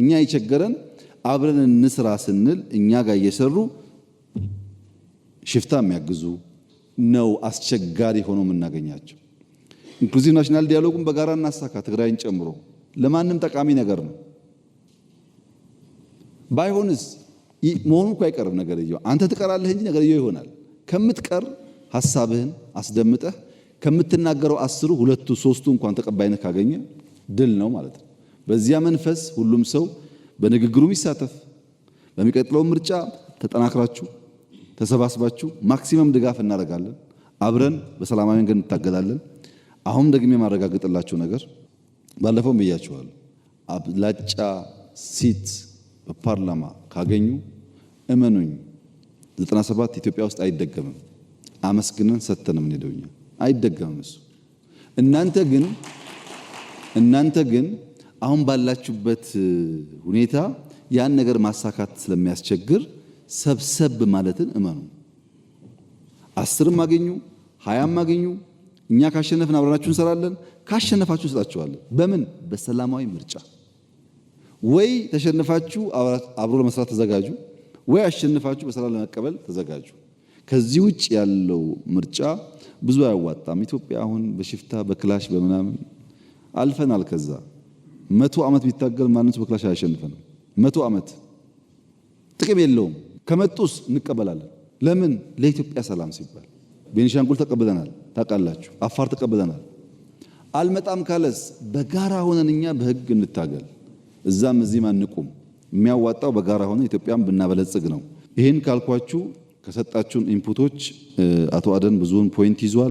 እኛ የቸገረን አብረን እንስራ ስንል እኛ ጋር እየሰሩ ሽፍታ የሚያግዙ ነው አስቸጋሪ ሆኖ የምናገኛቸው። ኢንክሉዚቭ ናሽናል ዲያሎጉን በጋራ እናሳካ፣ ትግራይን ጨምሮ ለማንም ጠቃሚ ነገር ነው። ባይሆንስ መሆኑ እኮ አይቀርም። ነገርየው አንተ ትቀራለህ እንጂ ነገርየው ይሆናል። ከምትቀር ሀሳብህን አስደምጠህ ከምትናገረው አስሩ ሁለቱ ሶስቱ እንኳን ተቀባይነት ካገኘ ድል ነው ማለት ነው። በዚያ መንፈስ ሁሉም ሰው በንግግሩም ይሳተፍ። በሚቀጥለው ምርጫ ተጠናክራችሁ ተሰባስባችሁ ማክሲመም ድጋፍ እናደርጋለን። አብረን በሰላማዊ መንገድ እንታገላለን። አሁን ደግሜ የማረጋግጥላችሁ ነገር ባለፈው ብያችኋል። አብላጫ ሲት በፓርላማ ካገኙ እመኑኝ 97 ኢትዮጵያ ውስጥ አይደገምም። አመስግነን ሰተንም እንሄደውኛ አይደገምም እሱ እናንተ ግን እናንተ ግን አሁን ባላችሁበት ሁኔታ ያን ነገር ማሳካት ስለሚያስቸግር ሰብሰብ ማለትን እመኑ። አስርም አገኙ ሀያም አገኙ እኛ ካሸነፍን አብረናችሁ እንሰራለን። ካሸነፋችሁ እንሰጣችኋለን። በምን በሰላማዊ ምርጫ። ወይ ተሸንፋችሁ አብሮ ለመስራት ተዘጋጁ፣ ወይ አሸንፋችሁ በሰላም ለመቀበል ተዘጋጁ። ከዚህ ውጭ ያለው ምርጫ ብዙ አያዋጣም። ኢትዮጵያ አሁን በሽፍታ በክላሽ በምናምን አልፈናል ከዛ መቶ ዓመት ቢታገል ማንም ሰው በክላሽ አያሸንፈንም። መቶ ዓመት ጥቅም የለውም። ከመጡስ እንቀበላለን። ለምን? ለኢትዮጵያ ሰላም ሲባል ቤኒሻንጉል ተቀብለናል፣ ታውቃላችሁ። አፋር ተቀብለናል። አልመጣም ካለስ በጋራ ሆነን እኛ በህግ እንታገል። እዛም እዚህም አንቁም። የሚያዋጣው በጋራ ሆነ ኢትዮጵያም ብናበለጽግ ነው። ይህን ካልኳችሁ ከሰጣችሁን ኢንፑቶች አቶ አደን ብዙውን ፖይንት ይዟል።